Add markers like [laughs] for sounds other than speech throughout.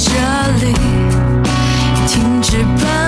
這裏，停止吧。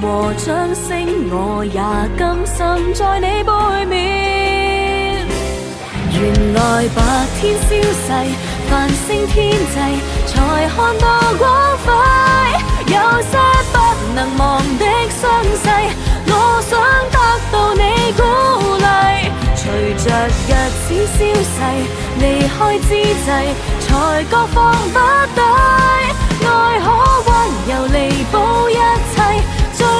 和掌聲，我也甘心在你背面。原來白天消逝，繁星天際，才看到光輝。有些不能忘的傷勢，我想得到你鼓勵。隨着日子消逝，離開之際，才覺放不低。愛可溫柔彌補一切。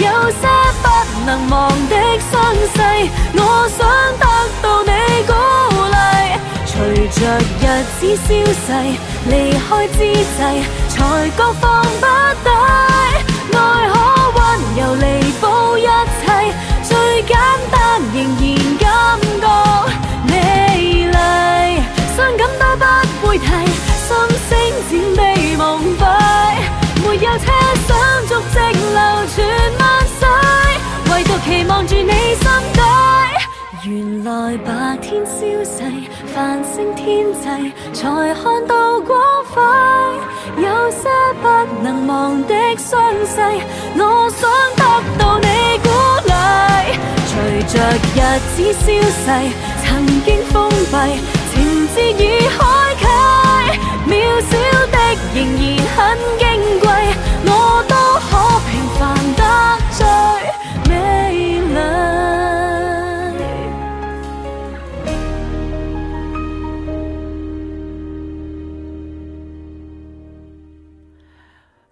有些不能忘的傷勢，我想得到你鼓勵。隨着日子消逝，離開之際，才覺放不低。愛可溫柔彌補一切，最簡單仍然感覺美麗。傷感都不會提，心聲漸漸被蒙蔽。沒有奢想，足跡流傳萬世，唯獨期望住你心底。原來白天消逝，繁星天際才看到光輝。有些不能忘的訊息，我想得到你鼓勵。隨着日子消逝，曾經封閉，情節已開啟，渺小的仍然很驚。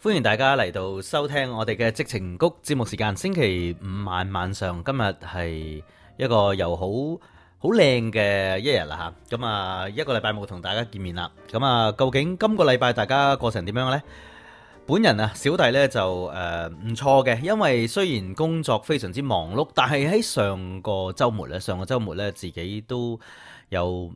歡迎大家嚟到收聽我哋嘅《矽情谷》節目時間，星期五晚晚上，今日係一個又好好靚嘅一日啦，吓，咁啊，一個禮拜冇同大家見面啦，咁啊，究竟今個禮拜大家過成點樣嘅呢？本人啊，小弟呢就誒唔、呃、錯嘅，因為雖然工作非常之忙碌，但係喺上個週末咧，上個週末咧自己都有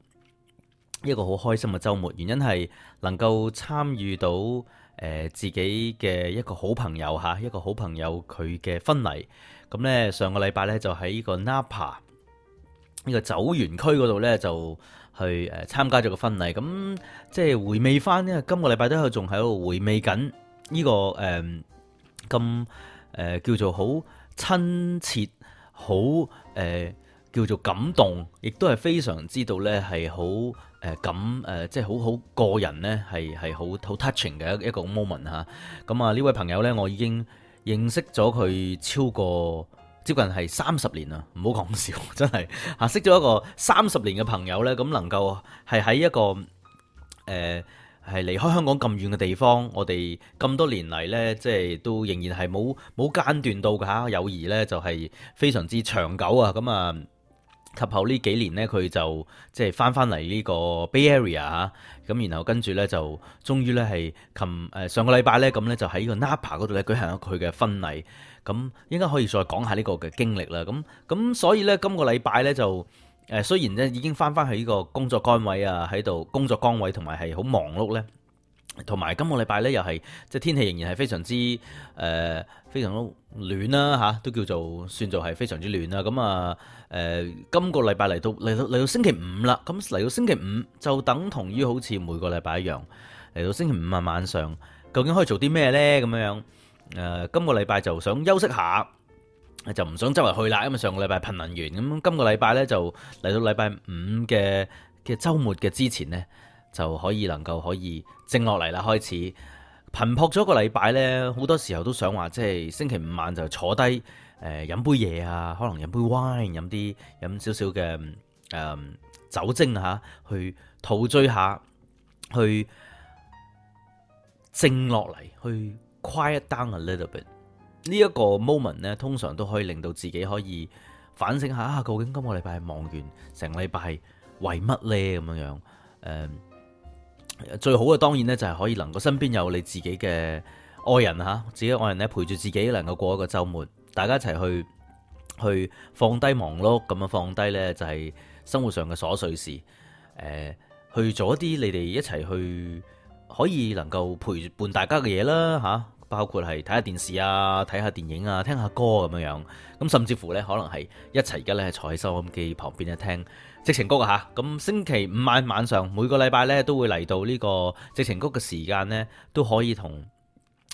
一個好開心嘅週末，原因係能夠參與到誒、呃、自己嘅一個好朋友嚇，一個好朋友佢嘅婚禮。咁、嗯、呢，上個禮拜呢，就喺呢個 Napa 呢個酒園區嗰度呢，就去誒參加咗個婚禮，咁、嗯、即係回味翻咧，今個禮拜都仲喺度回味緊。呢、這個誒咁誒叫做好親切，好誒、呃、叫做感動，亦都係非常知道咧係好誒感誒、呃，即係好好個人咧係係好好 touching 嘅一一個 moment 嚇。咁啊呢位朋友咧，我已經認識咗佢超過接近係三十年啦，唔好講笑，真係嚇、啊、識咗一個三十年嘅朋友咧，咁能夠係喺一個誒。呃係離開香港咁遠嘅地方，我哋咁多年嚟呢，即係都仍然係冇冇間斷到㗎，友誼呢就係、是、非常之長久啊！咁啊，及後呢幾年呢，佢就即係翻翻嚟呢個 Bay Area，咁然後跟住呢，就終於呢係琴誒上個禮拜呢，咁呢就喺呢個 Napa 嗰度呢舉行咗佢嘅婚禮。咁應該可以再講下呢個嘅經歷啦。咁咁所以呢，今、這個禮拜呢就。誒雖然咧已經翻翻去呢個工作崗位啊，喺度工作崗位同埋係好忙碌咧，同埋今個禮拜咧又係即係天氣仍然係非常之誒、呃、非、非常之暖啦嚇，都叫做算做係非常之暖啦。咁啊誒，今個禮拜嚟到嚟到嚟到、到星期五啦，咁嚟到星期五就等同於好似每個禮拜一樣，嚟到星期五啊晚上，究竟可以做啲咩咧咁樣？誒、呃，今個禮拜就想休息下。就唔想周圍去啦，因為上個禮拜頻臨完，咁今個禮拜呢就嚟到禮拜五嘅嘅週末嘅之前呢就夠可以能夠可以靜落嚟啦，開始頻撲咗個禮拜呢好多時候都想話即係星期五晚就坐低誒飲杯嘢啊，可能飲杯 wine，飲啲飲少少嘅誒酒精嚇啊，去陶醉下去靜落嚟，去 quiet down a little bit。這呢一個 moment 通常都可以令到自己可以反省下啊，究竟今個禮拜忙完成禮拜係為乜呢？咁樣，嗯、最好嘅當然呢就係可以能夠身邊有你自己嘅愛人，啊、自己嘅愛人呢陪住自己能夠過一個週末，大家一齊去去放低忙碌，咁樣放低呢，就係生活上嘅瑣碎事，啊、去做一啲你哋一齊去可以能夠陪伴大家嘅嘢啦嚇包括係睇下電視啊，睇下電影啊，聽下歌咁樣樣。咁甚至乎呢，可能係一齊嘅家咧，坐喺收音機旁邊一聽矽情谷嘅嚇。咁星期五晚晚上每個禮拜呢，都會嚟到呢個矽情谷嘅時間呢，都可以同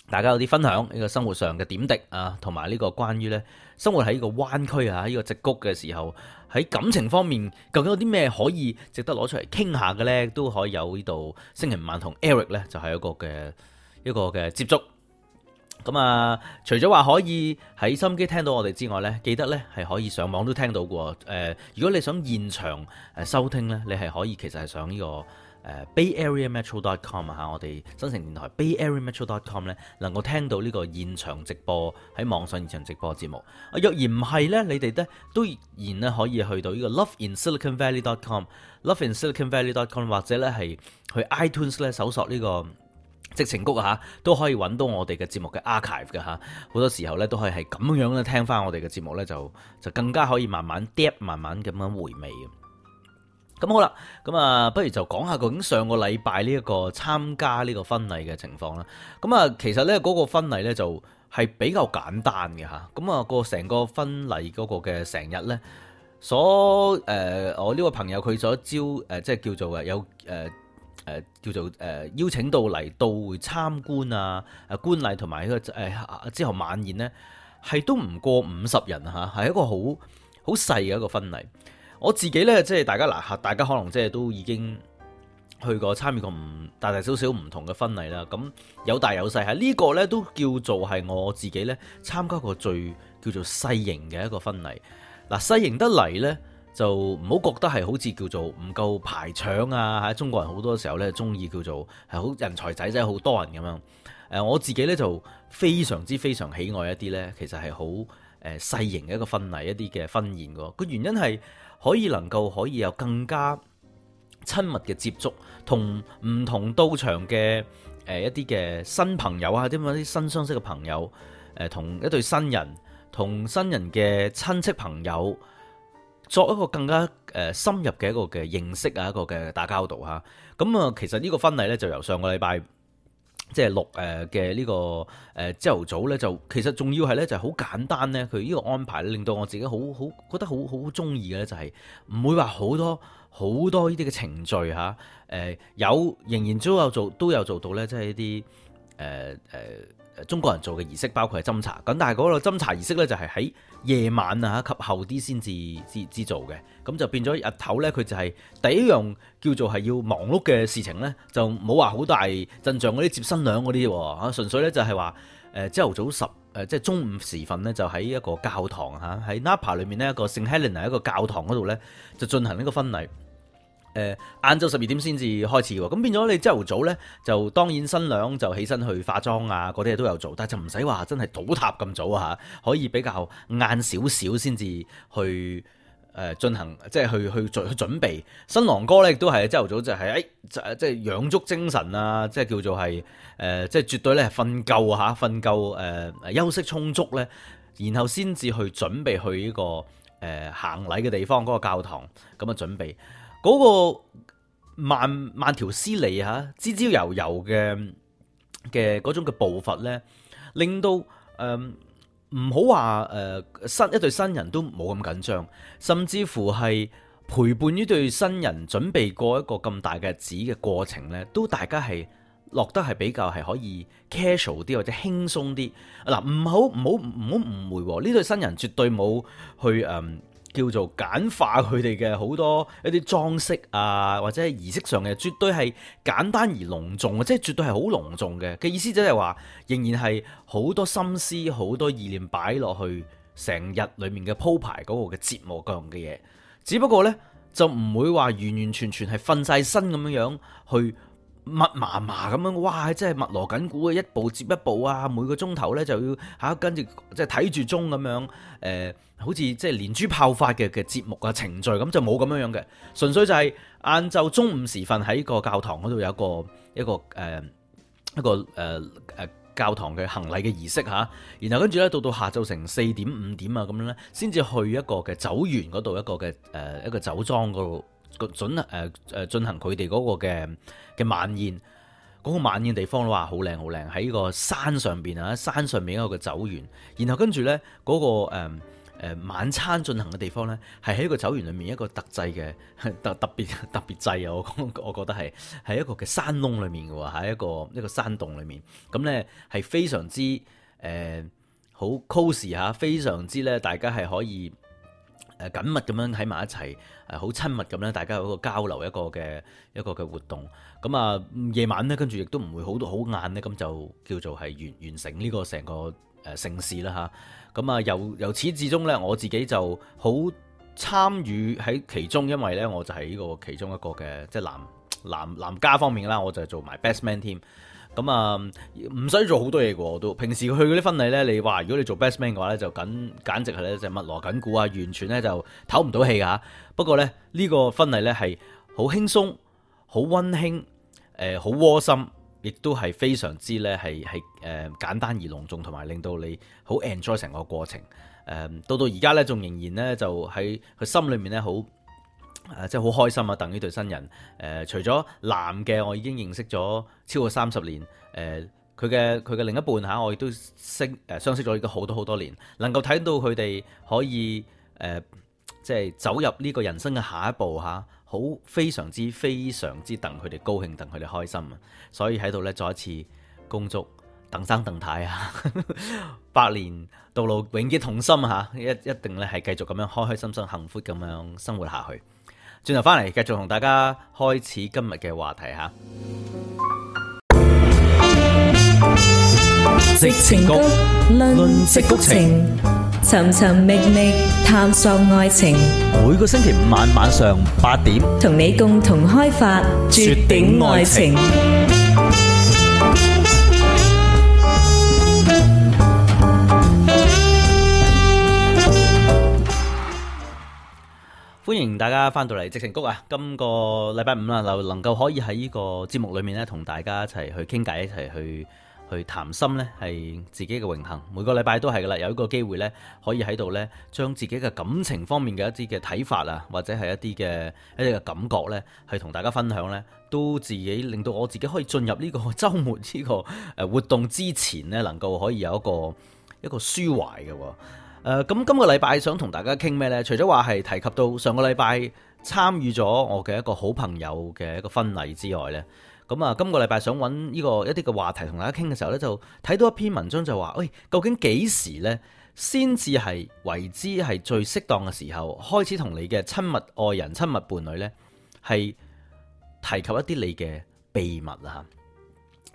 大家有啲分享呢、呢個生活上嘅點滴啊，同埋呢個關於呢生活喺呢個灣區啊，喺、呢個矽谷嘅時候喺感情方面究竟有啲咩可以值得攞出嚟傾下嘅呢？都可以有呢度星期五晚同 Eric 呢，就係一個嘅一個嘅接觸。咁啊，除咗話可以喺收音機聽到我哋之外呢，記得呢係可以上網都聽到嘅喎、呃。如果你想現場誒收聽呢，你係可以其實係上呢、呢個 BayAreaMetro.com 吓。呃、Bay Area Metro. Com，我哋新城電台 BayAreaMetro.com 呢，能夠聽到呢個現場直播喺網上現場直播節目。啊，若然唔係呢，你哋呢都然呢可以去到呢個 LoveInSiliconValley.com、LoveInSiliconValley.com 或者呢係去 iTunes 呢搜索呢、呢個。矽情谷啊，都可以揾到我哋嘅節目嘅 archive 嘅吓。好多時候咧都可以係咁樣咧聽翻我哋嘅節目咧，就就更加可以慢慢啲，慢慢咁樣回味嘅。咁好啦，咁啊，不如就講下究竟上個禮拜呢一個參加呢個婚禮嘅情況啦。咁啊，其實咧嗰個婚禮咧就係比較簡單嘅吓。咁啊，個成個婚禮嗰個嘅成日咧，所誒、呃、我呢個朋友佢所招誒、呃、即係叫做嘅有誒。呃誒，叫做誒邀請到嚟到會參觀啊，誒觀禮同埋呢個誒之後晚宴咧，係都唔過五十人吓，係一個好好細嘅一個婚禮。我自己咧，即係大家嗱吓，大家可能即係都已經去過參與過唔大大少少唔同嘅婚禮啦。咁有大有細，係、這、呢個咧都叫做係我自己咧參加過最叫做細型嘅一個婚禮。嗱，細型得嚟咧。就唔好覺得係好似叫做唔夠排場啊！喺中國人好多時候呢，中意叫做係好人才仔仔好多人咁樣。誒，我自己呢，就非常之非常喜愛一啲呢，其實係好誒細型嘅一個婚禮一啲嘅婚宴嘅。個原因係可以能夠可以有更加親密嘅接觸，同唔同到場嘅誒一啲嘅新朋友啊，啲啲新相識嘅朋友，誒同一對新人，同新人嘅親戚朋友。作一個更加誒深入嘅一個嘅認識啊，一個嘅打交道哈。咁啊，其實呢個婚禮咧就由上個禮拜即係六誒嘅呢個誒朝頭早咧，就，是、就其實仲要係咧就係好簡單咧。佢呢個安排令到我自己好好覺得好好中意嘅咧，就係唔會話好多好多呢啲嘅程序嚇誒、啊，有仍然都有做都有做到咧，即、就、係、是、一啲誒誒。呃呃中國人做嘅儀式包括係斟茶，咁但係嗰個斟茶儀式咧就係喺夜晚啊，及後啲先至至至做嘅，咁就變咗日頭咧，佢就係第一樣叫做係要忙碌嘅事情咧，就冇話好大陣象嗰啲接新娘嗰啲喎啊，純粹咧就係話誒朝頭早十誒、呃、即係中午時分咧，就喺一個教堂嚇喺 Napa 裏面呢，一個聖 Helena 一個教堂嗰度咧就進行呢個婚禮。誒，晏晝十二點先至開始嘅，咁變咗你朝頭早呢，就當然新娘就起身去化妝啊，嗰啲嘢都有做，但係就唔使話真係倒塔咁早啊。可以比較晏少少先至去誒進、呃、行，即係去去做準備。新郎哥呢亦都係朝頭早就係、是、誒，即係養足精神啊，即係叫做係誒，即、呃、係、就是、絕對呢瞓夠吓，瞓夠誒，休息充足呢，然後先至去準備去呢個誒、呃、行禮嘅地方嗰、嗰個教堂，咁啊準備。嗰個慢慢條斯理嚇、滋滋油油嘅嘅嗰種嘅步伐咧，令到誒唔好話誒新一對新人都冇咁緊張，甚至乎係陪伴呢對新人準備過一個咁大嘅日子嘅過程咧，都大家係落得係比較係可以 casual 啲或者輕鬆啲。嗱、啊，唔好唔好唔好誤會，呢對新人絕對冇去誒。嗯叫做簡化佢哋嘅好多一啲裝飾啊，或者係儀式上嘅，絕對係簡單而隆重嘅，即係絕對係好隆重嘅。嘅意思就係話，仍然係好多心思、好多意念擺落去成日裡面嘅鋪排嗰個嘅節目各樣嘅嘢，只不過呢，就唔會話完完全全係瞓晒身咁樣樣去。密麻麻咁樣，哇！即係密鑼緊鼓啊，一步接一步啊，每個鐘頭咧就要嚇、啊、跟住即係睇住鐘咁樣，誒、就是呃，好似即係連珠炮發嘅嘅節目啊程序咁就冇咁樣樣嘅，純粹就係晏晝中午時分喺個教堂嗰度有一個一個誒、呃、一個誒誒、呃呃、教堂嘅行禮嘅儀式嚇、啊，然後跟住咧到到下晝成四點五點啊咁樣咧，先至去一個嘅酒園嗰度一個嘅誒、呃、一個酒莊嗰度。個準誒誒進行佢哋嗰個嘅嘅晚宴，嗰、那個晚宴地方咧話好靚好靚，喺個山上邊啊，山上面一個酒園，然後跟住呢嗰、那個誒、呃呃、晚餐進行嘅地方呢，係喺個酒園裏面一個特製嘅特特別特別製啊。我我覺得係喺一個嘅山窿裏面嘅喎，喺一個一個山洞裏面，咁呢，係非常之誒好 cosy 嚇，呃、很 close，非常之呢，大家係可以。誒緊密咁樣喺埋一齊，誒好親密咁樣大家有一個交流一個嘅一個嘅活動。咁啊夜晚咧，跟住亦都唔會好多好晏咧，咁就叫做係完完成呢個成個誒盛事啦嚇。咁啊由由始至終咧，我自己就好參與喺其中，因為咧我就係呢個其中一個嘅即係男。男男家方面啦，我就做埋 best man 添，咁啊唔使做好多嘢嘅我都。平時去嗰啲婚禮咧，你話如果你做 best man 嘅話咧，就簡簡直係咧隻密鑼緊鼓啊，完全咧就唞唔到氣啊。不過咧呢、呢個婚禮咧係好輕鬆、好溫馨、誒、呃、好窩心，亦都係非常之咧係係誒簡單而隆重，同埋令到你好 enjoy 成個過程。誒、呃、都到而家咧仲仍然咧就喺佢心裏面咧好。誒即係好開心啊！等呢對新人，呃、除咗男嘅，我已經認識咗超過三十年。誒佢嘅佢嘅另一半嚇、啊，我亦都識相識咗已經好多好多年。能夠睇到佢哋可以、呃、即係走入呢個人生嘅下一步嚇，好、啊、非常之非常之等佢哋高興，等佢哋開心啊！所以喺度咧，再一次恭祝鄧生鄧太啊，百年道路永結同心嚇、啊，一一定咧係繼續咁樣開開心心、幸福咁樣生活下去。轉頭翻嚟，繼續同大家開始今日嘅話題吓。矽情谷論色情，尋尋覓覓探索愛情。每個星期五晚晚上八點，同你共同開發絕頂愛情。歡迎大家翻到嚟，矽情谷啊！今個禮拜五啦，能夠可以喺呢個節目裏面咧，同大家一齊去傾偈，一齊去去談心咧，係自己嘅榮幸。每個禮拜都係噶啦，有一個機會咧，可以喺度咧，將自己嘅感情方面嘅一啲嘅睇法啊，或者係一啲嘅一啲嘅感覺咧，去同大家分享咧，都自己令到我自己可以進入呢個周末呢個誒活動之前咧，能夠可以有一個一個抒懷嘅。誒，咁、呃、今個禮拜想同大家傾咩呢？除咗話係提及到上個禮拜參與咗我嘅一個好朋友嘅一個婚禮之外呢，咁啊，今個禮拜想揾呢、這個一啲嘅話題同大家傾嘅時候呢，就睇到一篇文章就話，喂、欸，究竟幾時呢？先至係為之係最適當嘅時候，開始同你嘅親密愛人、親密伴侶呢？係提及一啲你嘅秘密啊，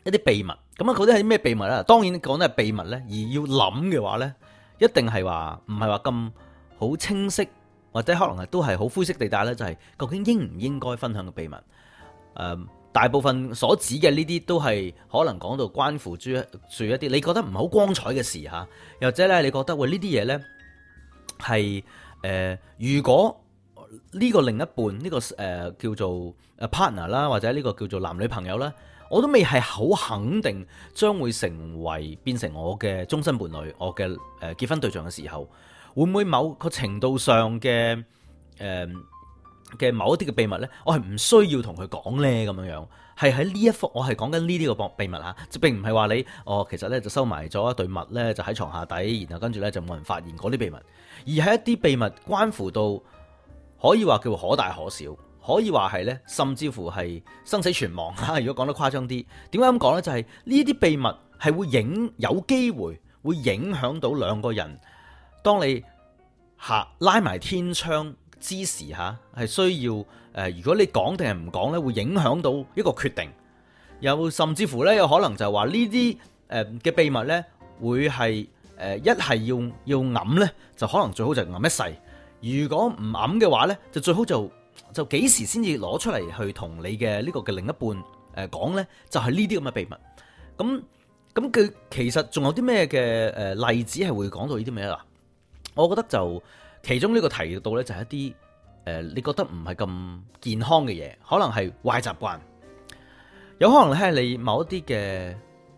一啲秘密。咁啊，嗰啲係咩秘密呢？當然講得係秘密呢，而要諗嘅話呢。一定係話唔係話咁好清晰，或者可能係都係好灰色地帶呢，就係、是、究竟應唔應該分享個秘密？誒、呃，大部分所指嘅呢啲都係可能講到關乎住一、一啲，你覺得唔好光彩嘅事嚇，又或者呢，你覺得喂這些呢啲嘢呢係誒，如果呢個另一半呢、這個誒、呃、叫做 partner 啦，或者呢個叫做男女朋友咧。我都未係好肯定，將會成為變成我嘅終身伴侶，我嘅誒結婚對象嘅時候，會唔會某個程度上嘅誒嘅某一啲嘅秘密呢？我係唔需要同佢講呢。咁樣樣係喺呢一幅，我係講緊呢啲嘅秘密吓，即並唔係話你哦，其實呢就收埋咗一對襪，呢就喺床下底，然後跟住呢就冇人發現嗰啲秘密，而係一啲秘密關乎到可以話叫可大可小。可以話係呢，甚至乎係生死存亡吓。如果講得誇張啲，點解咁講呢？就係呢啲秘密係會影有機會會影響到兩個人。當你吓拉埋天窗之時吓，係需要誒，如果你講定係唔講呢，會影響到一個決定。又甚至乎呢，有可能就係話呢啲誒嘅秘密呢，會係誒一係要要揞呢，就可能最好就揞一世。如果唔揞嘅話呢，就最好就。就幾時先至攞出嚟去同你嘅呢個嘅另一半誒講咧？就係呢啲咁嘅秘密。咁咁佢其實仲有啲咩嘅誒例子係會講到呢啲咩啦？我覺得就其中呢個提到咧就係一啲誒你覺得唔係咁健康嘅嘢，可能係壞習慣，有可能係你某一啲嘅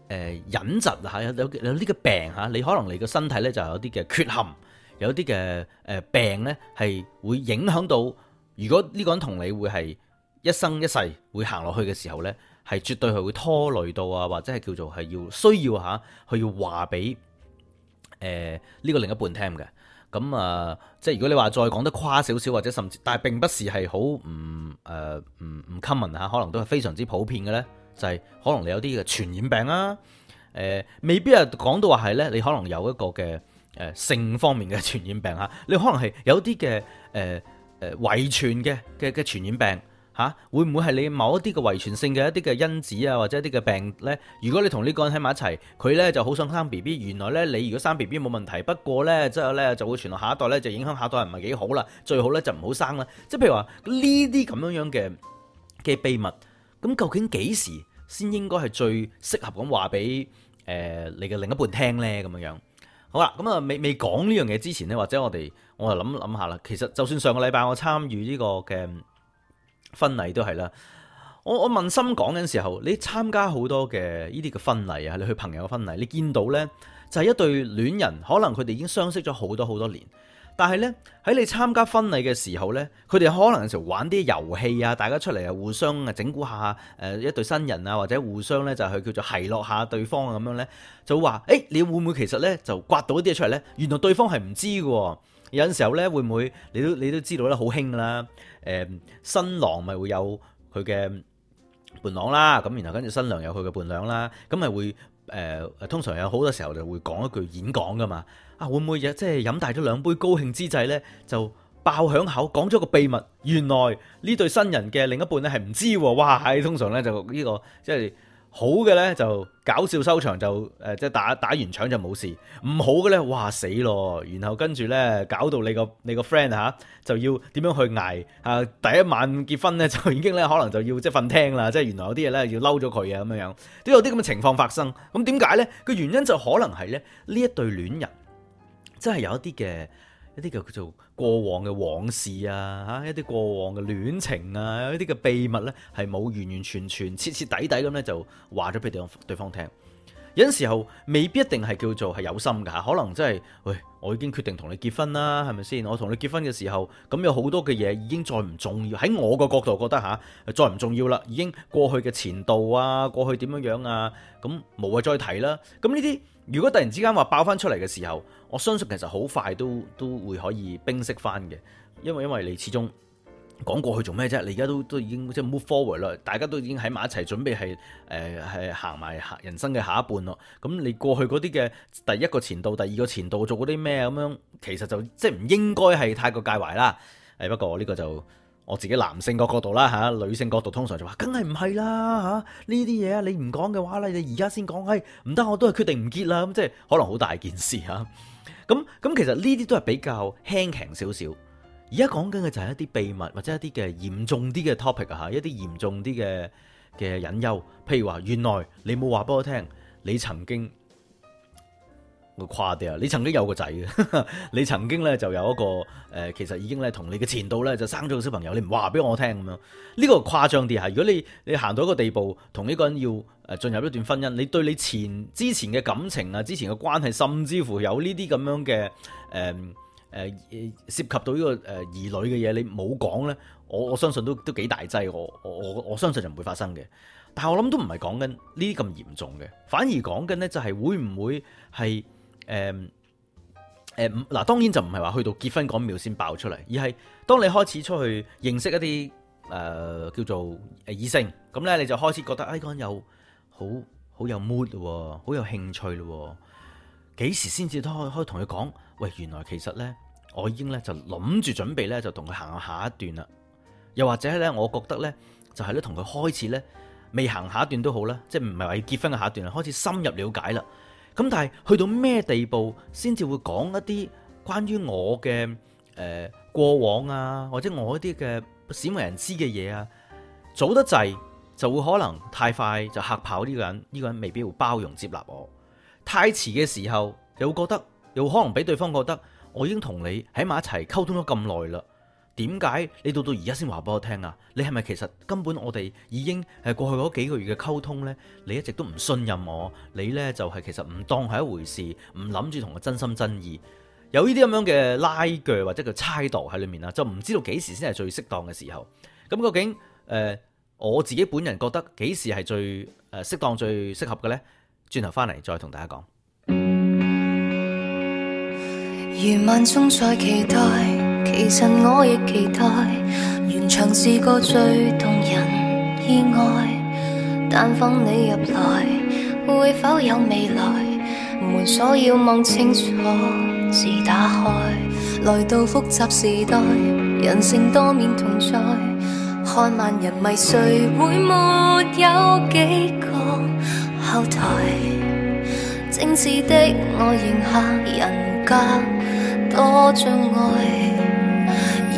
誒隱疾吓，有有呢個病吓，你可能你個身體咧就有啲嘅缺陷，有啲嘅誒病咧係會影響到。如果呢個人同你會係一生一世會行落去嘅時候呢，係絕對係會拖累到啊，或者係叫做係要需要吓，去要話俾誒呢個另一半聽嘅。咁啊、呃，即係如果你話再講得誇少少，或者甚至，但係並不是係好唔誒唔唔 common 吓，可能都係非常之普遍嘅呢，就係、是、可能你有啲嘅傳染病啊，誒、呃，未必啊講到話係呢，你可能有一個嘅誒、呃、性方面嘅傳染病吓，你可能係有啲嘅誒。呃誒，遺傳嘅嘅嘅傳染病嚇、啊，會唔會係你某一啲嘅遺傳性嘅一啲嘅因子啊，或者一啲嘅病呢？如果你同呢個人喺埋一齊，佢呢就好想生 B B，原來呢，你如果生 B B 冇問題，不過呢，之後呢就會傳到下一代呢，就影響下一代唔係幾好啦，最好呢就唔好生啦。即係譬如話呢啲咁樣樣嘅嘅秘密，咁究竟幾時先應該係最適合咁話俾誒你嘅另一半聽呢？咁樣樣好啦，咁、嗯、啊未未講呢樣嘢之前呢，或者我哋。我就諗諗下啦，其實就算上個禮拜我參與呢個嘅婚禮都係啦。我我問心講嗰陣時候，你參加好多嘅呢啲嘅婚禮啊，你去朋友嘅婚禮，你見到呢就係、是、一對戀人，可能佢哋已經相識咗好多好多年，但係呢，喺你參加婚禮嘅時候呢，佢哋可能有時玩啲遊戲啊，大家出嚟啊互相啊整蠱下誒一對新人啊，或者互相呢就去叫做奚落下對方咁樣呢，就話誒、哎、你會唔會其實呢就刮到一啲嘢出嚟呢？原來對方係唔知㗎。有陣時候咧，會唔會你都你都知道咧，好興㗎啦。誒，新郎咪會有佢嘅伴郎啦，咁然後跟住新娘有佢嘅伴娘啦，咁咪會誒、呃、通常有好多時候就會講一句演講噶嘛。啊，會唔會即係飲大咗兩杯高興之際咧，就爆響口講咗個秘密？原來呢對新人嘅另一半咧係唔知喎。哇，係，通常咧就呢、呢個即係。就係好嘅呢，就搞笑收場，就誒即係打打完場就冇事，唔好嘅呢，哇死咯！然後跟住呢，搞到你個你個 friend 吓就要點樣去挨啊，第一晚結婚呢，就已經呢，可能就要即係瞓廳啦，即係原來有啲嘢呢，要嬲咗佢啊咁樣樣，都有啲咁嘅情況發生。咁點解呢？個原因就可能係呢：呢一對戀人真係有一啲嘅一啲嘅叫叫做。過往嘅往事啊，嚇一啲過往嘅戀情啊，一啲嘅秘密呢，係冇完完全全、徹徹底底咁呢，就話咗俾對方對方聽。有時候未必一定係叫做係有心㗎，可能真係，喂，我已經決定同你結婚啦，係咪先？我同你結婚嘅時候，咁有好多嘅嘢已經再唔重要，喺我個角度覺得嚇再唔重要啦，已經過去嘅前度啊，過去點樣樣啊，咁無謂再提啦。咁呢啲如果突然之間話爆翻出嚟嘅時候，我相信其實好快都都會可以冰釋翻嘅，因為因為你始終講過去做咩啫？你而家都都已經即係 move forward 啦，大家都已經喺埋一齊準備係誒係行埋人生嘅下一半咯。咁你過去嗰啲嘅第一個前度、第二個前度做嗰啲咩咁樣，其實就即係唔應該係太過介懷啦。誒不過呢個就～我自己男性的角度啦嚇，女性角度通常就話，梗係唔係啦嚇，呢啲嘢你唔講嘅話咧，你而家先講，哎唔得，我都係決定唔結啦，咁即係可能好大件事啊，咁咁其實呢啲都係比較輕盈少少，而家講緊嘅就係一啲秘密或者一啲嘅嚴重啲嘅 topic 啊吓，一啲嚴重啲嘅嘅隱憂，譬如話原來你冇話俾我聽，你曾經。誇張啲啊！你曾經有個仔嘅， [laughs] 你曾經咧就有一個誒，其實已經咧同你嘅前度咧就生咗個小朋友，你唔話俾我聽咁樣，呢個誇張啲係！如果你你行到一個地步，同呢個人要誒進入一段婚姻，你對你前之前嘅感情啊，之前嘅關係，甚至乎有呢啲咁樣嘅誒誒涉及到呢個誒兒女嘅嘢，你冇講咧，我我相信都都幾大劑，我我我,我相信就唔會發生嘅。但係我諗都唔係講緊呢啲咁嚴重嘅，反而講緊咧就係會唔會係？誒誒，嗱、嗯嗯，當然就唔係話去到結婚嗰秒先爆出嚟，而係當你開始出去認識一啲誒、呃、叫做誒異性，咁咧你就開始覺得誒嗰、哎、人有好好有 mood 咯，好有興趣咯，幾時先至都可以同佢講？喂，原來其實咧，我已經咧就諗住準備咧就同佢行下一段啦。又或者咧，我覺得咧就係咧同佢開始咧未行下一段都好啦，即係唔係話要結婚嘅下一段啦，開始深入了解啦。咁但係去到咩地步先至會講一啲關於我嘅誒、呃、過往啊，或者我一啲嘅鮮為人知嘅嘢啊，早得滯就會可能太快就吓跑呢個人，呢、呢個人未必會包容接納我。太遲嘅時候又覺得又可能俾對方覺得我已經同你喺埋一齊溝通咗咁耐啦。點解你到到而家先話俾我聽啊？你係咪其實根本我哋已經係過去嗰幾個月嘅溝通呢？你一直都唔信任我，你呢就係、是、其實唔當係一回事，唔諗住同我真心真意，有呢啲咁樣嘅拉鋸或者嘅猜度喺裏面啊，就唔知道幾時先係最適當嘅時候。咁究竟誒、呃、我自己本人覺得幾時係最誒適當最適合嘅呢？轉頭翻嚟再同大家講。其實我亦期待，原場是個最動人意外。但放你入來，會否有未來？門鎖要望清楚，自打開。來到複雜時代，人性多面同在。看萬人迷，誰會沒有幾個後台？政治的我，迎合人家多障礙。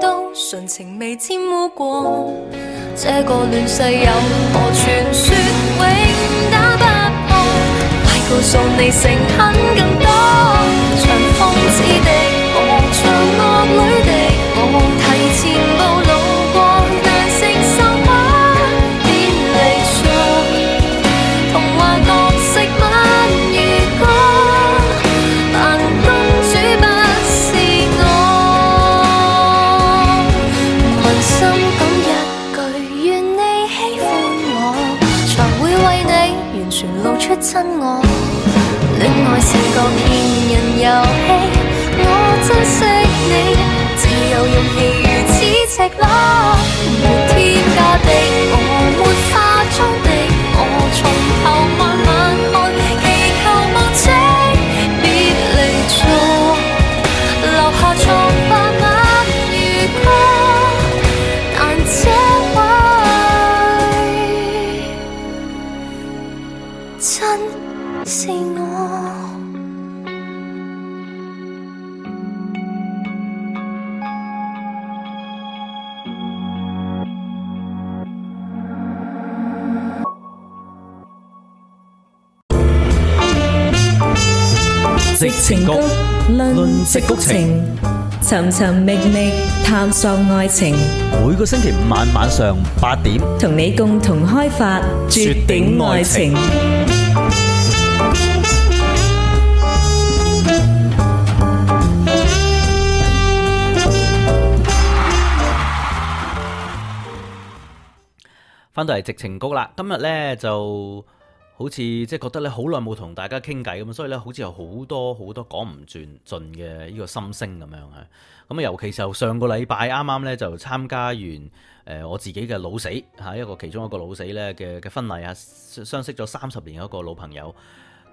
都純情未沾污過，這個亂世有何傳說永打不破？快告訴你誠懇更多，長風似的我，長樂里的我。情，尋尋覓覓探索愛情。每個星期五晚晚上八點，同你共同開發絕頂愛情。翻到嚟矽情谷啦，今日呢就。好似即係覺得咧，好耐冇同大家傾偈咁，所以咧好似有好多好多講唔轉盡嘅呢個心聲咁樣啊。咁啊，尤其就上個禮拜啱啱咧就參加完我自己嘅老死，一個其中一個老死咧嘅嘅婚禮啊，相識咗三十年一個老朋友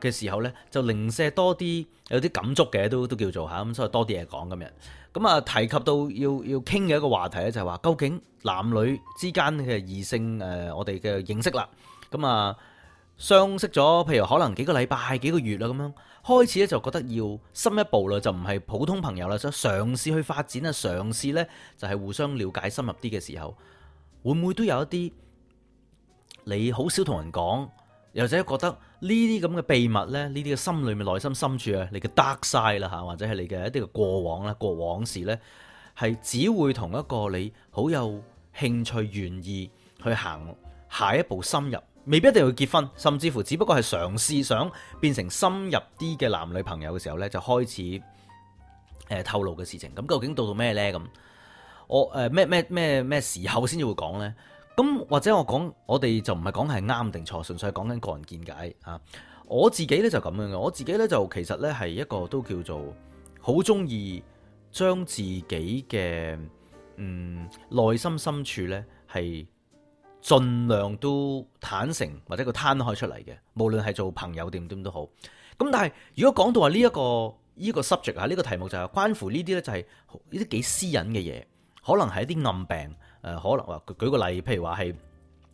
嘅時候咧，就零舍多啲有啲感觸嘅，都都叫做吓咁，所以多啲嘢講今日咁啊。提及到要要傾嘅一個話題咧，就係話究竟男女之間嘅異性我哋嘅認識啦，咁啊。相識咗，譬如可能幾個禮拜、幾個月啦咁樣，開始咧就覺得要深一步啦，就唔係普通朋友啦，想嘗試去發展啊，嘗試呢，就係互相了解深入啲嘅時候，會唔會都有一啲你好少同人講，又或者覺得呢啲咁嘅秘密呢？呢啲嘅心裏面、內心深處啊，你嘅 dark side 啦嚇，或者係你嘅一啲嘅過往啦，過往事呢，係只會同一個你好有興趣、願意去行下一步深入。未必一定要結婚，甚至乎只不過係嘗試想變成深入啲嘅男女朋友嘅時候呢，就開始誒透露嘅事情。咁究竟到到咩呢？咁，我誒咩咩咩時候先至會講呢？咁或者我講我哋就唔係講係啱定錯，純粹係講緊個人見解啊！我自己呢，就咁樣嘅，我自己呢，就其實呢，係一個都叫做好中意將自己嘅嗯內心深處呢係，是盡量都坦誠或者個攤開出嚟嘅，無論係做朋友點點都好。咁但係如果講到話呢一個依個 subject 啊，呢、呢個呢個題目就係、是、關乎呢啲呢就係呢啲幾私隱嘅嘢，可能係一啲暗病誒、呃，可能話舉個例，譬如話係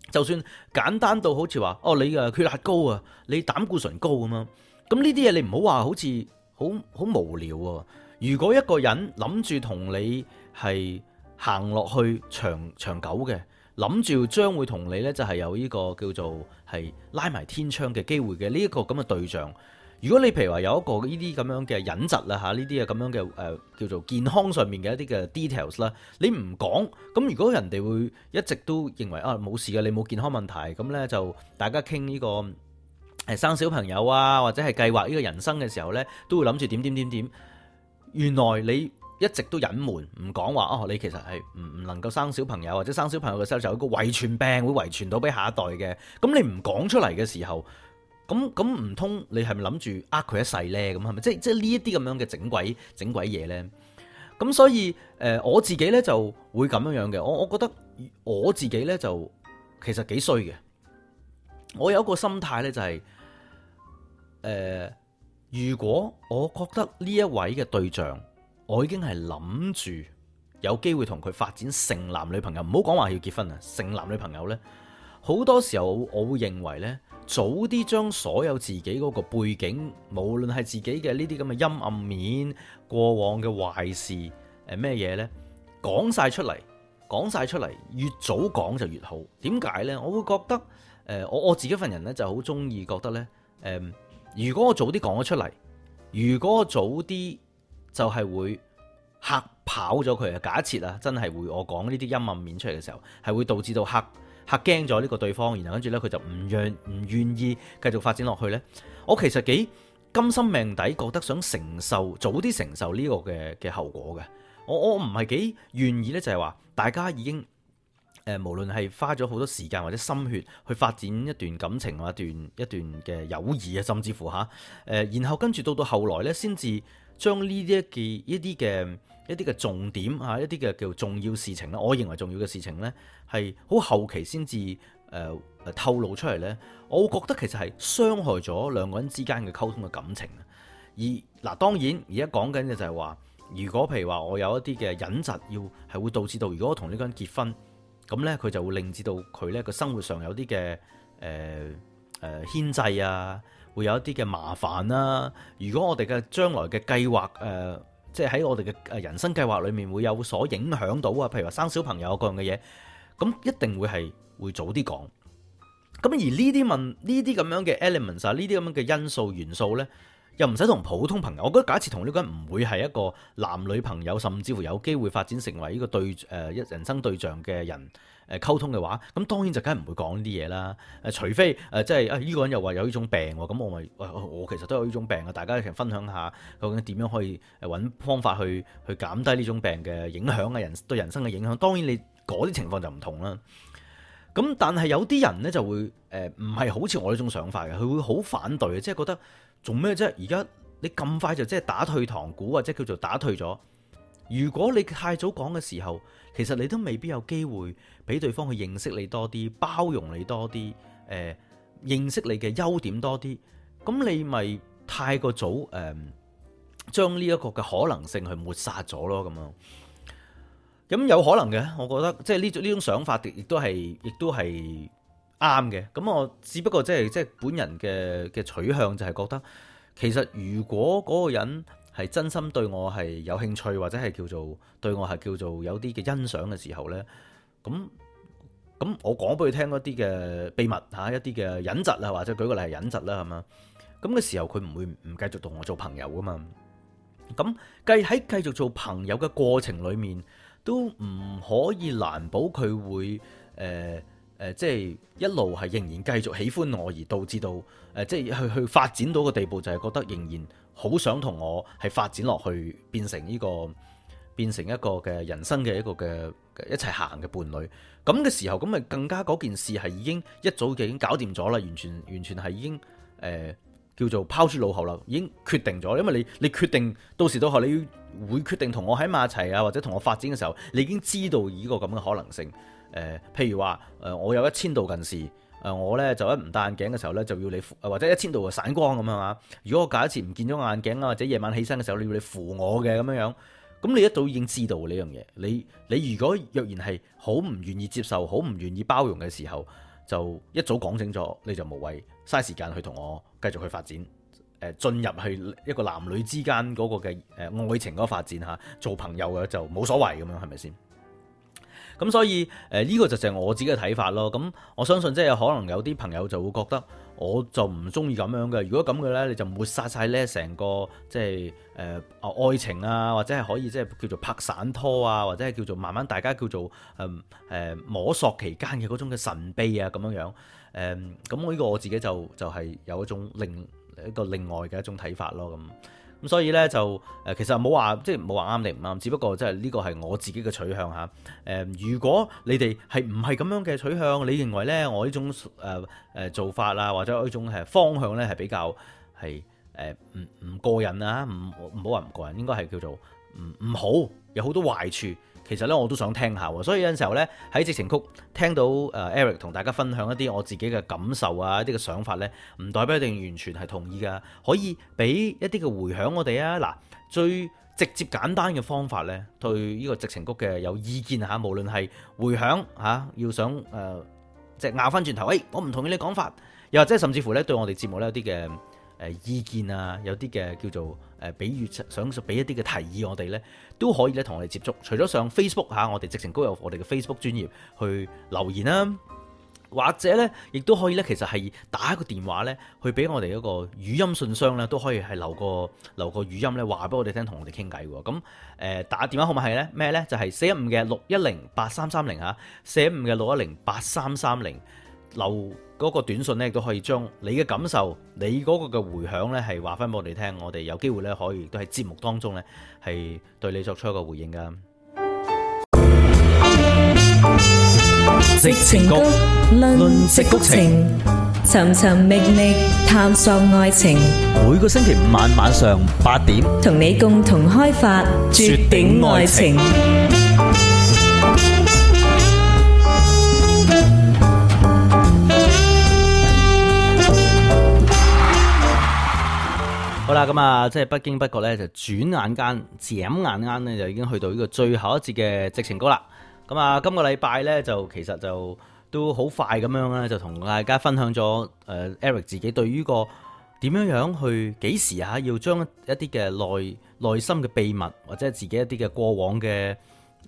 就算簡單到好似話哦，你嘅血壓高啊，你膽固醇高咁、啊、嘛。」咁呢啲嘢你唔好話好似好好無聊啊。如果一個人諗住同你係行落去長長久嘅。諗住將會同你呢，就係、是、有呢個叫做係拉埋天窗嘅機會嘅呢一個咁嘅對象。如果你譬如話有一個呢啲咁樣嘅隱疾啦嚇，呢啲咁樣嘅、呃、叫做健康上面嘅一啲嘅 details 啦，你唔講咁，如果人哋會一直都認為啊冇事嘅，你冇健康問題，咁呢，就大家傾呢、這個誒生小朋友啊，或者係計劃呢個人生嘅時候呢，都會諗住點點點點。原來你。一直都隱瞞唔講話，哦，你其實係唔唔能夠生小朋友，或者生小朋友嘅時候就有一個遺傳病會遺傳到俾下一代嘅，咁你唔講出嚟嘅時候，咁咁唔通你係咪諗住呃佢一世呢？咁係咪？即係呢一啲咁樣嘅整鬼整鬼嘢呢？咁所以誒、呃，我自己呢就會咁樣樣嘅，我我覺得我自己呢就其實幾衰嘅，我有一個心態呢，就係、是、誒、呃，如果我覺得呢一位嘅對象。我已經係諗住有機會同佢發展成男女朋友，唔好講話要結婚啊！成男女朋友呢，好多時候我會認為呢，早啲將所有自己嗰個背景，無論係自己嘅呢啲咁嘅陰暗面、過往嘅壞事誒咩嘢呢，講晒出嚟，講晒出嚟，越早講就越好。點解呢？我會覺得誒，我、呃、我自己份人呢就好中意覺得呢。誒、呃，如果我早啲講咗出嚟，如果我早啲。就係會嚇跑咗佢啊！假設啊，真係會我講呢啲陰暗面出嚟嘅時候，係會導致到嚇嚇驚咗呢個對方，然後跟住呢，佢就唔願唔願意繼續發展落去呢。我其實幾甘心命底，覺得想承受早啲承受呢個嘅嘅後果嘅。我我唔係幾願意呢，就係話大家已經誒、呃，無論係花咗好多時間或者心血去發展一段感情或一段一段嘅友誼啊，甚至乎嚇、呃、然後跟住到到後來呢，先至。將呢啲一記一啲嘅一啲嘅重點啊，一啲嘅叫重要事情咧，我認為重要嘅事情呢，係好後期先至誒誒透露出嚟呢，我會覺得其實係傷害咗兩個人之間嘅溝通嘅感情。而嗱，當然而家講緊嘅就係話，如果譬如話我有一啲嘅隱疾，要係會導致到如果我同呢個人結婚，咁呢佢就會令至到佢呢個生活上有啲嘅誒誒牽制啊。會有一啲嘅麻煩啦。如果我哋嘅將來嘅計劃，誒、呃，即係喺我哋嘅誒人生計劃裏面會有所影響到啊。譬如話生小朋友各樣嘅嘢，咁一定會係會早啲講。咁而呢啲問呢啲咁樣嘅 elements 啊，呢啲咁樣嘅因素，因素元素呢，又唔使同普通朋友。我覺得假設同呢個人唔會係一個男女朋友，甚至乎有機會發展成為呢個對誒一、呃、人生對象嘅人。誒溝通嘅話，咁當然就梗係唔會講呢啲嘢啦。誒除非誒即係啊，呢個人又話有呢種病，咁我咪誒、哎、我其實都有呢種病嘅，大家一齊分享下究竟點樣可以誒揾方法去去減低呢種病嘅影響啊人對人生嘅影響。當然你嗰啲情況就唔同啦。咁但係有啲人呢，就會誒唔係好似我呢種想法嘅，佢會好反對，即係覺得做咩啫？而家你咁快就即係打退堂鼓啊！即係叫做打退咗。如果你太早講嘅時候，其實你都未必有機會俾對方去認識你多啲，包容你多啲，誒、呃、認識你嘅優點多啲，咁你咪太過早誒將呢一個嘅可能性去抹殺咗咯，咁樣。咁有可能嘅，我覺得即係呢種呢種想法亦都係亦都係啱嘅。咁我只不過即係即係本人嘅嘅取向就係覺得，其實如果嗰個人。係真心對我係有興趣，或者係叫做對我係叫做有啲嘅欣賞嘅時候呢。咁咁我講俾佢聽一啲嘅秘密嚇、啊，一啲嘅隱疾啊，或者舉個例係隱疾啦，係嘛？咁嘅時候佢唔會唔繼續同我做朋友噶嘛？咁繼喺繼續做朋友嘅過程裡面，都唔可以難保佢會誒誒，即、呃、係、呃就係、一路係仍然繼續喜歡我，而導致到誒即係去去發展到個地步，就係、是、覺得仍然。好想同我係發展落去，變成呢個變成一個嘅人生嘅一個嘅一齊行嘅伴侶。咁嘅時候，咁咪更加嗰件事係已經一早就已經搞掂咗啦，完全完全係已經、呃、叫做拋諸腦後啦，已經決定咗。因為你你決定到時到候你會會決定同我喺埋一齊啊，或者同我發展嘅時候，你已經知道呢個咁嘅可能性。呃、譬如話、呃、我有一千度近視。誒我咧就一唔戴眼鏡嘅時候咧就要你扶，或者一千度嘅散光咁樣嘛。如果我假設唔見咗眼鏡啊，或者夜晚起身嘅時候你要你扶我嘅咁樣樣，咁你一早已經知道呢樣嘢。你你如果若然係好唔願意接受、好唔願意包容嘅時候，就一早講清楚，你就無謂嘥時間去同我繼續去發展，誒進入去一個男女之間嗰個嘅誒愛情嗰個發展嚇，做朋友嘅就冇所謂咁樣，係咪先？咁所以，誒、這、呢個就成係我自己嘅睇法咯。咁我相信即係可能有啲朋友就會覺得，我就唔中意咁樣嘅。如果咁嘅咧，你就抹殺晒咧成個即係誒、呃、愛情啊，或者係可以即係叫做拍散拖啊，或者係叫做慢慢大家叫做誒誒、嗯呃、摸索期間嘅嗰種嘅神秘啊咁樣樣。誒、嗯、咁我呢個我自己就就係、是、有一種另一個另外嘅一種睇法咯咁。咁所以咧就誒其實冇話即係冇話啱定唔啱，只不過即係呢個係我自己嘅取向嚇。誒，如果你哋係唔係咁樣嘅取向，你認為咧我呢種誒誒做法啊，或者呢種方向咧係比較係誒唔唔過癮啊？唔唔好話唔過癮，應該係叫做唔唔好，有好多壞處。其實咧我都想聽下喎，所以有陣時候呢，喺直情曲聽到誒 Eric 同大家分享一啲我自己嘅感受啊一啲嘅想法呢，唔代表一定完全係同意噶，可以俾一啲嘅回響我哋啊！嗱，最直接簡單嘅方法呢，對呢個直情曲嘅有意見嚇，無論係回響嚇，要想誒即係拗翻轉頭，誒、哎、我唔同意你講法，又或者甚至乎呢，對我哋節目呢，有啲嘅誒意見啊，有啲嘅叫做。誒，比如想俾一啲嘅提議我，我哋呢都可以咧同我哋接觸。除咗上 Facebook 嚇，我哋直情都有我哋嘅 Facebook 專頁去留言啦，或者呢亦都可以呢，其實係打一個電話呢去俾我哋嗰個語音信箱呢，都可以係留個留個語音呢話俾我哋聽，同我哋傾偈喎。咁誒，打電話號碼係咧咩呢？就係四一五嘅六一零八三三零嚇，四一五嘅六一零八三三零。留嗰個短信呢，都可以將你嘅感受、你嗰個嘅回響呢，係話翻俾我哋聽。我哋有機會呢，可以都喺節目當中呢，係對你作出一個回應噶。矽情谷，論矽谷情，尋尋覓覓探索愛情。每個星期五晚晚上八點，同你共同開發絕頂愛情。好啦咁啊，即係不經不覺咧，就轉眼間，眨眼間咧，就已經去到呢個最後一節嘅矽情谷啦。咁啊，今個禮拜咧，就其實就都好快咁樣咧，就同大家分享咗誒，Eric 自己對於個點樣樣去幾時啊，要將一啲嘅內內心嘅秘密，或者自己一啲嘅過往嘅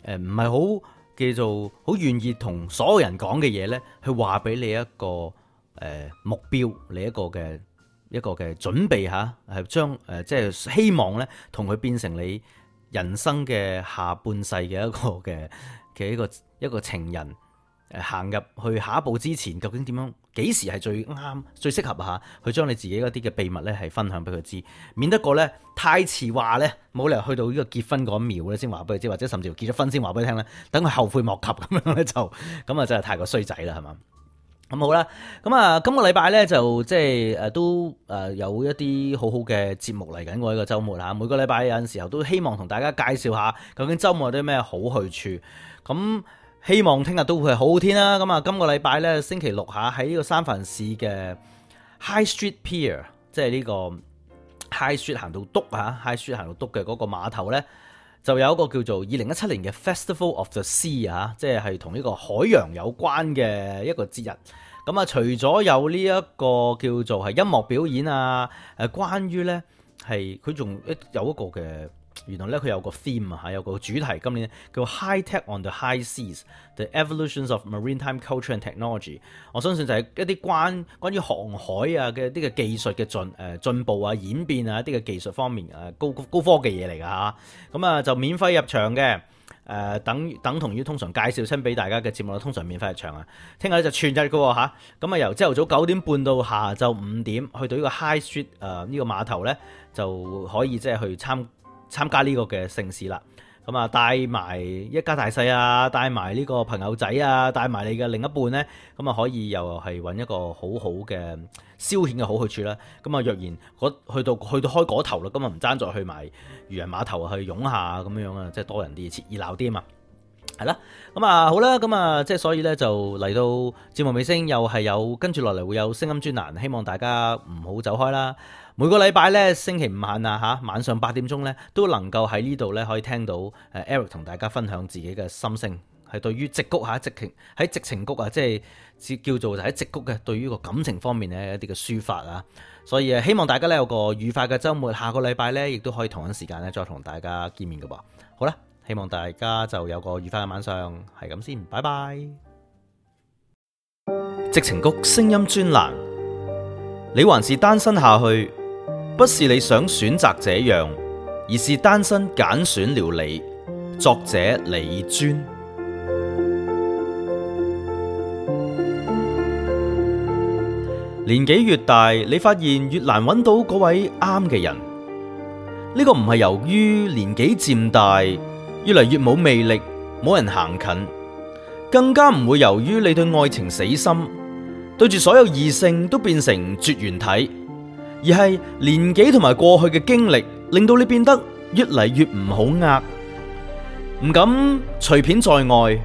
誒，唔係好叫做好願意同所有人講嘅嘢咧，去話俾你一個誒、呃、目標，你一個嘅。一個嘅準備吓，係將誒即係希望咧，同佢變成你人生嘅下半世嘅一個嘅嘅一個一個情人誒，行入去下一步之前，究竟點樣？幾時係最啱、最適合吓？去將你自己一啲嘅秘密咧，係分享俾佢知，免得過咧太遲話咧，冇理由去到呢個結婚嗰秒咧先話俾佢知，或者甚至乎結咗婚先話俾佢聽咧，等佢後悔莫及咁 [laughs] 樣咧就咁啊，就真係太過衰仔啦，係嘛？咁好啦，咁啊，今個禮拜呢，就即係誒，都誒有一啲好好嘅節目嚟緊喎。呢個周末啦，每個禮拜有陣時候都希望同大家介紹下究竟周末有啲咩好去處。咁希望聽日都會係好好天啦。咁啊，今個禮拜呢，星期六下喺呢個三藩市嘅 High Street Pier，即係呢個 High Street 行到篤啊，High Street 行到篤嘅嗰個碼頭呢。就有一個叫做二零一七年嘅 Festival of the Sea 啊，即係同呢個海洋有關嘅一個節日。咁啊，除咗有呢一個叫做係音樂表演啊，誒，關於呢係佢仲有一個嘅。原來咧佢有個 theme 啊，吓有個主題，今年叫 High Tech on the High Seas：The Evolutions of Maritime Culture and Technology。我相信就係一啲關關於航海啊嘅啲嘅技術嘅進誒進步啊、演變啊一啲嘅技術方面誒高高，高科技嘢嚟㗎吓，咁啊、嗯、就免費入場嘅、呃、等等同於通常介紹親俾大家嘅節目啦，通常免費入場啊。聽日咧就全日嘅喎吓，咁啊、嗯、由朝頭早九點半到下晝五點，去到呢個 High Street 誒、呃這個、呢個碼頭咧就可以即係去參。參加呢個嘅盛事啦，咁啊帶埋一家大細啊，帶埋呢個朋友仔啊，帶埋你嘅另一半呢，咁啊可以又係揾一個好好嘅消遣嘅好去處啦。咁啊若然去到去到開嗰頭啦，咁啊唔爭再去埋漁人碼頭去湧下咁樣啊，即係多人啲熱鬧啲啊嘛，係啦，咁啊好啦，咁啊即係所以呢，就嚟到節目尾聲，又係有跟住落嚟會有聲音專欄，希望大家唔好走開啦。每個禮拜咧，星期五晚啊，吓晚上八點鐘咧，都能夠喺呢度咧，可以聽到誒，Eric 同大家分享自己嘅心聲，係對於矽谷吓矽情喺矽情谷啊，即係叫做喺矽谷嘅，對於個感情方面咧一啲嘅抒發啊，所以誒，希望大家咧有個愉快嘅周末，下個禮拜咧亦都可以同一時間咧再同大家見面噶噃。好啦，希望大家就有個愉快嘅晚上，係咁先，拜拜。矽情谷聲音專欄，你還是單身下去？不是你想選擇這樣，而是單身揀選了你。作者李尊。年紀越大，你發現越難揾到嗰位啱嘅人。呢個唔係由於年紀漸大，越嚟越冇魅力，冇人行近，更加唔會由於你對愛情死心，對住所有異性都變成絕緣體。而係年紀同埋過去嘅經歷，令到你變得越嚟越唔好壓，唔敢隨便在外，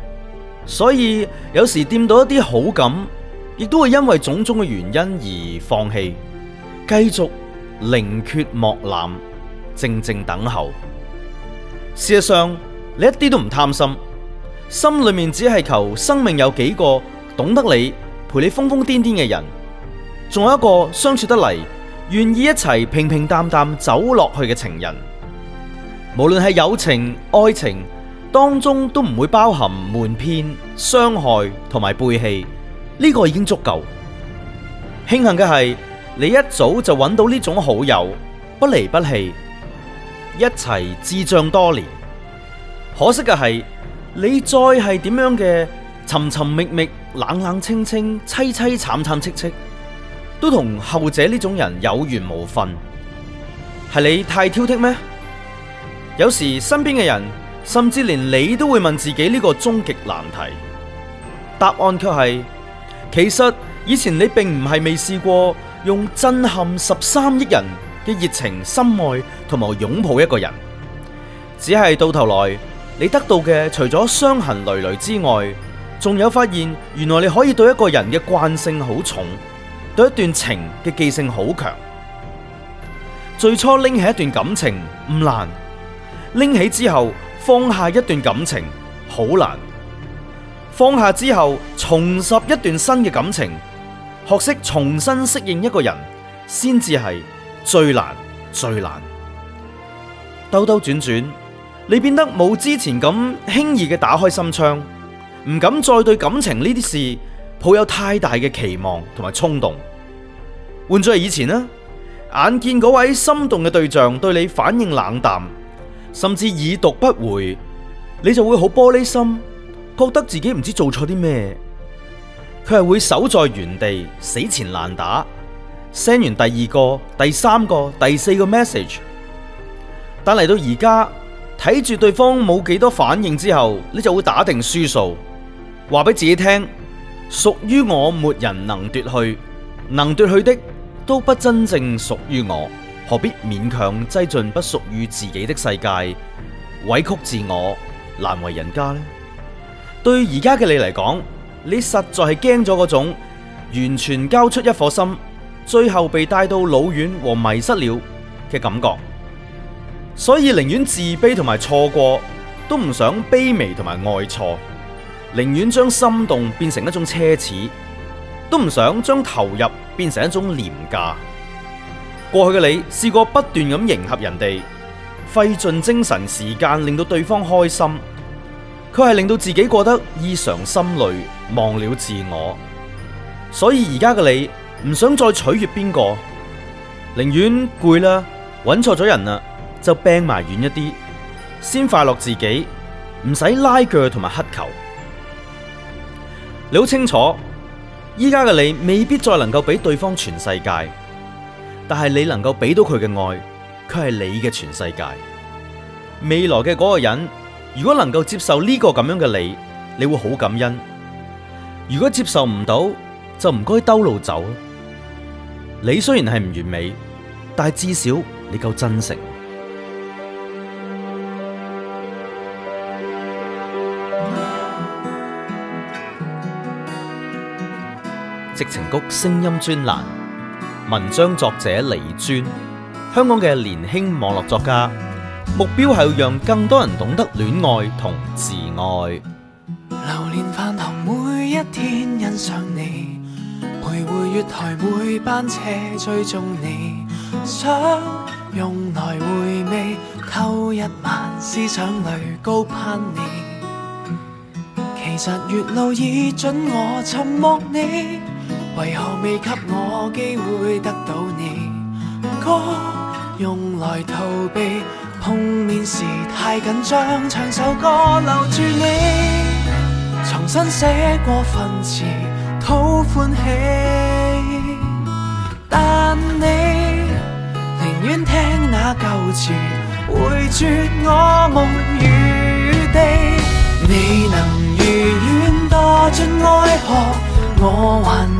所以有時掂到一啲好感，亦都會因為種種嘅原因而放棄，繼續寧缺莫濫，靜靜等候。事實上，你一啲都唔貪心，心裏面只係求生命有幾個懂得你，陪你瘋瘋癲癲嘅人，仲有一個相處得嚟。願意一齊平平淡淡走落去嘅情人，無論係友情、愛情當中都唔會包含瞞騙、傷害同埋背棄，呢個已經足夠。慶幸嘅係你一早就搵到呢種好友，不離不棄，一齊智障多年。可惜嘅係你再係點樣嘅尋尋覓覓、冷冷清清、淒淒慘慘戚戚，都同後者呢種人有緣無份，係你太挑剔咩？有時身邊嘅人，甚至連你都會問自己呢個終極難題，答案卻係，其實以前你並唔係未試過用震撼十三億人嘅熱情、深愛同埋擁抱一個人，只係到頭來你得到嘅除咗傷痕累累之外，仲有發現原來你可以對一個人嘅慣性好重。對一段情嘅記性好強，最初拎起一段感情唔難，拎起之後放下一段感情好難，放下之後重拾一段新嘅感情，學識重新適應一個人，先至係最難最難。兜兜轉轉轉，你變得冇之前咁輕易嘅打開心窗，唔敢再對感情呢啲事，抱有太大嘅期望同埋衝動，換咗係以前啦，眼見嗰位心動嘅對象對你反應冷淡，甚至已讀不回，你就會好玻璃心，覺得自己唔知做錯啲咩，佢係會守在原地死纏爛打，send 完第二個、第三個、第四個 message，但嚟到而家睇住對方冇幾多反應之後，你就會打定輸數，話俾自己聽。屬於我，沒人能奪去，能奪去的都不真正屬於我，何必勉強擠進不屬於自己的世界，委曲自我，難為人家呢？對而家嘅你嚟講，你實在係驚咗嗰種完全交出一顆心，最後被帶到老遠和迷失了嘅感覺，所以寧願自卑同埋錯過，都唔想卑微同埋愛錯。寧願將心動變成一種奢侈，都唔想將投入變成一種廉價。過去嘅你試過不斷咁迎合人哋，費盡精神時間令到對方開心，佢係令到自己覺得異常心累，忘了自我。所以而家嘅你唔想再取悦邊個，寧願攰啦，揾錯咗人啦，就病埋遠一啲，先快樂自己，唔使拉鋸同埋乞求。你好清楚，而家嘅你未必再能夠俾對方全世界，但係你能夠俾到佢嘅愛，佢係你嘅全世界。未來嘅嗰個人如果能夠接受呢個咁樣嘅你，你會好感恩；如果接受唔到，就唔該兜路走。你雖然係唔完美，但至少你夠真誠。《矽情谷聲音專欄》文章作者李尊，香港嘅年輕網絡作家，目標係要讓更多人懂得戀愛同自愛。流連飯堂每一天欣賞你，徘徊月台每班車追蹤你，想用來回味，偷一晚思想裡高攀你，其實月老已准我沉默你。為何未給我機會得到你歌？歌用來逃避碰面時太緊張，唱首歌留住你，重新寫過份詞討歡喜。但你寧願聽那舊詞，回絕我無餘地。你能如願墮進愛河，我還。